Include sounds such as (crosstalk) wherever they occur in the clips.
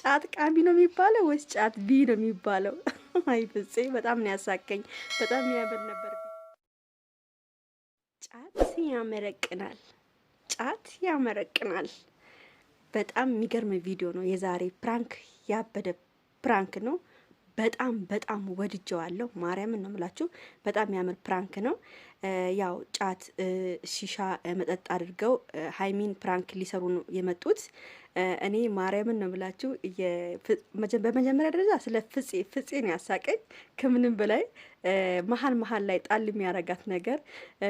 ጫት ቃሚ ነው የሚባለው ወይስ ጫት ቢ ነው የሚባለው? አይ ፍፄ በጣም ነው ያሳቀኝ። በጣም ያበር ነበር። ጫት ያመረቅናል፣ ጫት ያመረቅናል። በጣም የሚገርም ቪዲዮ ነው የዛሬ። ፕራንክ ያበደ ፕራንክ ነው። በጣም በጣም ወድጀዋለሁ። ማርያምን ነው የምላችሁ። በጣም ያምር ፕራንክ ነው። ያው ጫት፣ ሺሻ መጠጥ አድርገው ሀይሚን ፕራንክ ሊሰሩ ነው የመጡት። እኔ ማርያምን ነው የምላችሁ። በመጀመሪያ ደረጃ ስለ ፍፄ ፍፄ ነው ያሳቀኝ ከምንም በላይ መሀል መሀል ላይ ጣል የሚያረጋት ነገር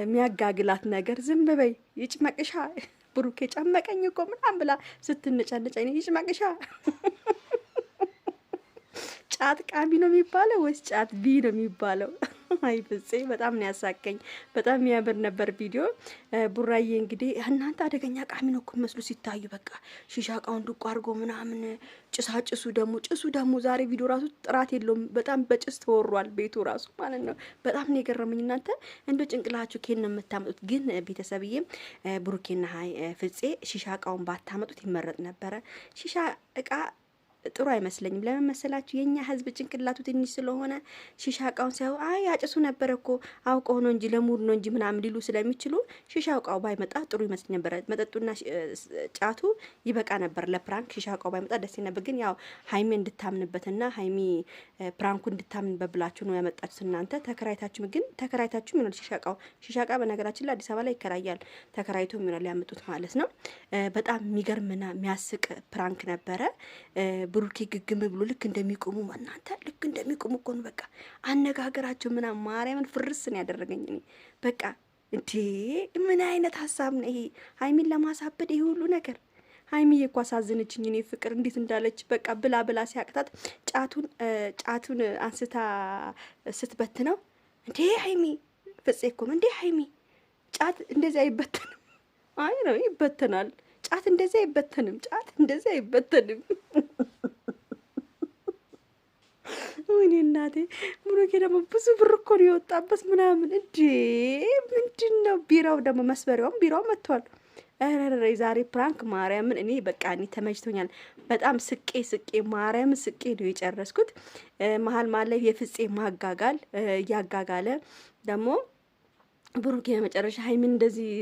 የሚያጋግላት ነገር ዝም በይ ይጭመቅሻ ብሩኬ ጨመቀኝ እኮ ምናምን ብላ ስትንጨንጨኝ ይጭመቅሻ ጫት ቃሚ ነው የሚባለው ወይስ ጫት ቢ ነው የሚባለው? (laughs) አይ ፍፄ በጣም ነው ያሳቀኝ። በጣም የሚያምር ነበር ቪዲዮ። ቡራዬ እንግዲህ እናንተ አደገኛ ቃሚ ነው እኮ መስሉ ሲታዩ፣ በቃ ሺሻ እቃውን ዱቋ አድርጎ ምናምን ጭሳጭሱ ደግሞ ጭሱ ደግሞ ዛሬ ቪዲዮ ራሱ ጥራት የለውም። በጣም በጭስ ተወሯል ቤቱ ራሱ ማለት ነው። በጣም ነው የገረመኝ። እናንተ እንደ ጭንቅላችሁ ኬን ነው የምታመጡት። ግን ቤተሰብዬ፣ ብሩኬና ሀይ ፍፄ ሺሻ እቃውን ባታመጡት ይመረጥ ነበረ ሺሻ እቃ ጥሩ አይመስለኝም። ለምን መሰላችሁ? የእኛ ህዝብ ጭንቅላቱ ትንሽ ስለሆነ ሺሻ እቃውን ሳይሆ አይ አጭሱ ነበረ እኮ አውቀው ነው እንጂ ለሙድ ነው እንጂ ምናምን ሊሉ ስለሚችሉ ሺሻ እቃው ባይመጣ ጥሩ ይመስል ነበረ። መጠጡና ጫቱ ይበቃ ነበር ለፕራንክ። ሺሻ እቃው ባይመጣ ደስ ነበር። ግን ያው ሀይሚ እንድታምንበትና ሀይሚ ፕራንኩ እንድታምንበት ብላችሁ ነው ያመጣችሁት እናንተ ተከራይታችሁ። ግን ተከራይታችሁ ይሆናል ሺሻ እቃው። ሺሻ እቃ በነገራችን ላይ አዲስ አበባ ላይ ይከራያል። ተከራይቶ ይሆናል ያመጡት ማለት ነው። በጣም የሚገርምና የሚያስቅ ፕራንክ ነበረ። ብሩኬ ግግም ብሎ ልክ እንደሚቆሙ እናንተ ልክ እንደሚቆሙ እኮ ነው። በቃ አነጋገራቸው ምናምን ማርያምን ፍርስ ነው ያደረገኝ። እኔ በቃ እንዴ ምን አይነት ሀሳብ ነው ይሄ? ሀይሚን ለማሳበድ ይሄ ሁሉ ነገር ሀይሚዬ እኮ አሳዘነችኝ። እኔ ፍቅር እንዴት እንዳለች በቃ ብላ ብላ ሲያቅታት ጫቱን ጫቱን አንስታ ስትበት ነው እንዴ ሀይሚ ፍጼ እኮም እንዴ ሀይሚ ጫት እንደዚህ አይበተንም። አይ ነው ይበተናል። ጫት እንደዚህ አይበተንም። ጫት እንደዚህ አይበተንም። ወይኔ እናቴ ብሩኬ ደግሞ ብዙ ብር እኮ ነው የወጣበት ምናምን። እንዴ ምንድን ነው? ቢራው ደግሞ መስበሪያውም ቢራው መጥቷል። ረረ ዛሬ ፕራንክ ማርያምን እኔ በቃ እኔ ተመችቶኛል። በጣም ስቄ ስቄ ማርያም ስቄ ነው የጨረስኩት። መሀል መሀል ላይ የፍፄ ማጋጋል እያጋጋለ ደግሞ ብሩኬ የመጨረሻ ሀይሚን እንደዚህ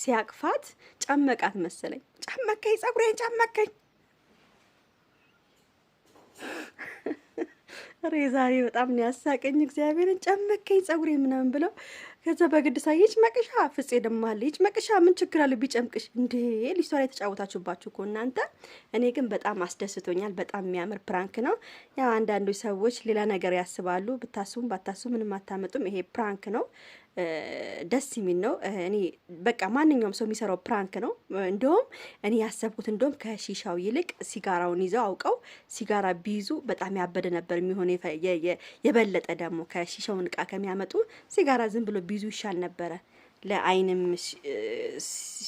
ሲያቅፋት ጨመቃት መሰለኝ። ጨመቀኝ፣ ጸጉሬን ጨመቀኝ ኧረ ዛሬ በጣም ነው ያሳቀኝ። እግዚአብሔርን ጨመከኝ ጸጉሬ ምናምን ብለው ከዛ በግድ ሳይ ይጭመቅሻ ፍፄ ይች መቅሻ ምን ችግር አለ ቢጨምቅሽ እንዴ ሊስቷ ላይ የተጫወታችሁባችሁ እኮ እናንተ። እኔ ግን በጣም አስደስቶኛል። በጣም የሚያምር ፕራንክ ነው። ያው አንዳንዶች ሰዎች ሌላ ነገር ያስባሉ። ብታስቡም ባታስቡ ምንም አታመጡም። ይሄ ፕራንክ ነው። ደስ የሚል ነው። እኔ በቃ ማንኛውም ሰው የሚሰራው ፕራንክ ነው። እንደውም እኔ ያሰብኩት እንደውም ከሺሻው ይልቅ ሲጋራውን ይዘው አውቀው ሲጋራ ቢይዙ በጣም ያበደ ነበር የሚሆነ የበለጠ ደግሞ ከሺሻውን እቃ ከሚያመጡ ሲጋራ ዝም ብሎ ቢይዙ ይሻል ነበረ። ለአይንም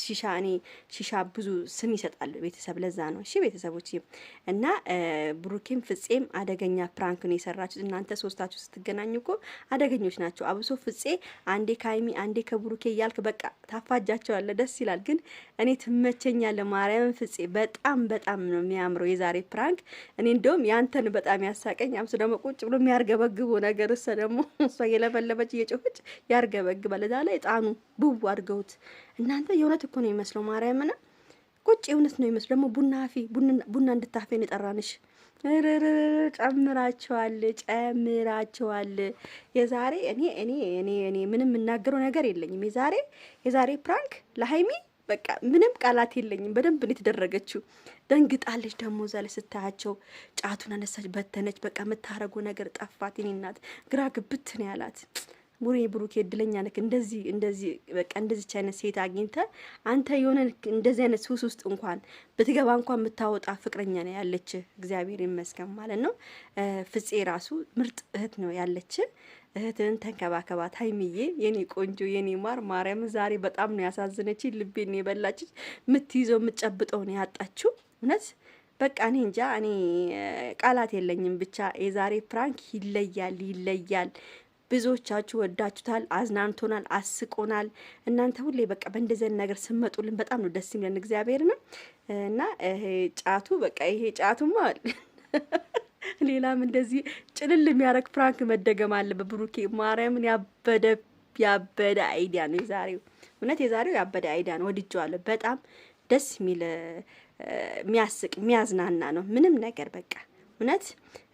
ሺሻ እኔ ሺሻ ብዙ ስም ይሰጣል ቤተሰብ፣ ለዛ ነው እሺ ቤተሰቦች። እና ብሩኬም ፍጼም አደገኛ ፕራንክ ነው የሰራችሁት እናንተ ሶስታችሁ ስትገናኙ እኮ አደገኞች ናቸው። አብሶ ፍጼ አንዴ ከሀይሚ አንዴ ከብሩኬ እያልክ በቃ ታፋጃቸዋለ። ደስ ይላል። ግን እኔ ትመቸኛለ ማርያም ፍጼ በጣም በጣም ነው የሚያምረው የዛሬ ፕራንክ። እኔ እንደውም ያንተን በጣም ያሳቀኝ። አምስ ደግሞ ቁጭ ብሎ የሚያርገበግቡ ነገር እሰ ደግሞ እሷ የለበለበች እየጮች ያርገበግበ ለዛ ላይ ጣኑ ብው አድርገውት እናንተ የእውነት እኮ ነው የሚመስለው። ማርያምና ቁጭ የእውነት ነው የሚመስለው። ደግሞ ቡና አፌ ቡና እንድታፌን የጠራንሽ ጨምራቸዋል ጨምራቸዋል። የዛሬ እኔ እኔ እኔ እኔ ምንም የምናገረው ነገር የለኝም። የዛሬ የዛሬ ፕራንክ ለሀይሚ በቃ ምንም ቃላት የለኝም። በደንብ ነው የተደረገችው። ደንግጣለች። ደግሞ እዛ ላይ ስታያቸው ጫቱን አነሳች፣ በተነች። በቃ የምታረጉ ነገር ጠፋት። ኔናት ግራ ግብት ነው ያላት። ቡሬ ብሩኬ እድለኛ ነክ እንደዚህ እንደዚህ በቃ እንደዚች አይነት ሴት አግኝተ አንተ የሆነ እንደዚህ አይነት ሱስ ውስጥ እንኳን ብትገባ እንኳን የምታወጣ ፍቅረኛ ነው ያለች። እግዚአብሔር ይመስገን ማለት ነው። ፍፄ ራሱ ምርጥ እህት ነው ያለች። እህትን ተንከባከባት። ሀይሚዬ የኔ ቆንጆ የኔ ማር ማርያም ዛሬ በጣም ነው ያሳዝነች። ልቤን የበላችች የምትይዘው የምትጨብጠው ነው ያጣችው። እውነት በቃ እኔ እንጃ እኔ ቃላት የለኝም። ብቻ የዛሬ ፕራንክ ይለያል ይለያል። ብዙዎቻችሁ ወዳችሁታል፣ አዝናንቶናል፣ አስቆናል። እናንተ ሁሌ በቃ በእንደዘን ነገር ስመጡልን በጣም ነው ደስ የሚለን ነው እና ይሄ ጫቱ በቃ ይሄ ጫቱማ (laughs) ሌላም እንደዚህ ጭልል የሚያደርግ ፕራንክ መደገም አለ በብሩኬ ማርያምን ያበደ ያበደ አይዲያ ነው የዛሬው። እውነት የዛሬው ያበደ አይዲያ ነው፣ ወድጄዋለሁ። በጣም ደስ የሚል የሚያስቅ የሚያዝናና ነው። ምንም ነገር በቃ እውነት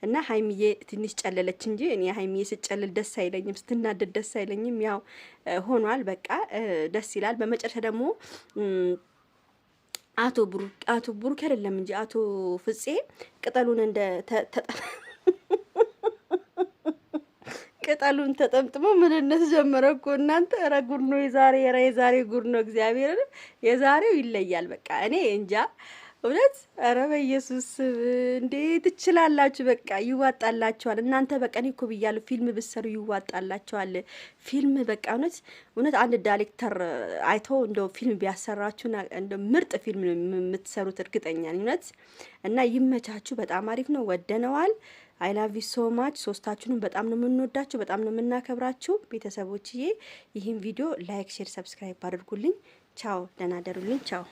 እና ሀይሚዬ ትንሽ ጨለለች እንጂ እኔ ሀይሚዬ ስጨልል ደስ አይለኝም፣ ስትናደድ ደስ አይለኝም። ያው ሆኗል፣ በቃ ደስ ይላል። በመጨረሻ ደግሞ አቶ ብሩክ አቶ ብሩክ አይደለም እንጂ አቶ ፍጼ ቅጠሉን እንደ ቅጠሉን ተጠምጥሞ ምንነት ጀመረ እኮ እናንተ። ኧረ ጉድ ነው የዛሬ! ኧረ የዛሬ ጉድ ነው የዛሬው ይለያል። በቃ እኔ እንጃ እውነት ኧረ በኢየሱስ እንዴት ትችላላችሁ? በቃ ይዋጣላችኋል። እናንተ በቀን እኮ ብያለሁ፣ ፊልም ብሰሩ ይዋጣላችኋል። ፊልም በቃ እውነት እውነት አንድ ዳይሬክተር አይቶ እንደ ፊልም ቢያሰራችሁ እንደ ምርጥ ፊልም የምትሰሩት፣ እርግጠኛ እውነት። እና ይመቻችሁ። በጣም አሪፍ ነው፣ ወደነዋል። አይ ላቭ ዩ ሶ ማች። ሶስታችሁንም በጣም ነው የምንወዳችሁ፣ በጣም ነው የምናከብራችሁ ቤተሰቦችዬ። ይህን ቪዲዮ ላይክ፣ ሼር፣ ሰብስክራይብ አድርጉልኝ። ቻው፣ ደህና ደሩልኝ። ቻው